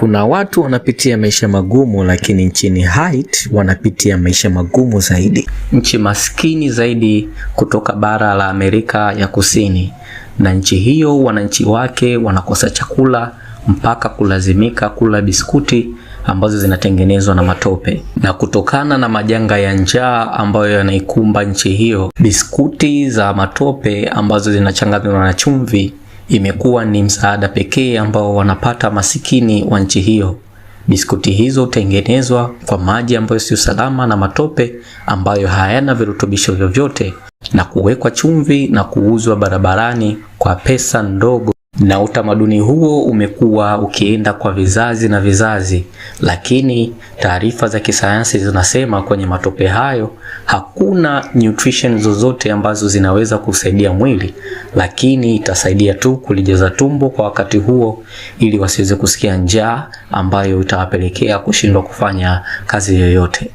Kuna watu wanapitia maisha magumu, lakini nchini Haiti wanapitia maisha magumu zaidi, nchi maskini zaidi kutoka bara la Amerika ya Kusini. Na nchi hiyo, wananchi wake wanakosa chakula mpaka kulazimika kula biskuti ambazo zinatengenezwa na matope. Na kutokana na majanga ya njaa ambayo yanaikumba nchi hiyo, biskuti za matope ambazo zinachanganywa na chumvi imekuwa ni msaada pekee ambao wanapata masikini wa nchi hiyo. Biskuti hizo hutengenezwa kwa maji ambayo sio salama na matope ambayo hayana virutubisho vyovyote na kuwekwa chumvi na kuuzwa barabarani kwa pesa ndogo na utamaduni huo umekuwa ukienda kwa vizazi na vizazi, lakini taarifa za kisayansi zinasema kwenye matope hayo hakuna nutrition zozote ambazo zinaweza kusaidia mwili, lakini itasaidia tu kulijaza tumbo kwa wakati huo, ili wasiweze kusikia njaa ambayo itawapelekea kushindwa kufanya kazi yoyote.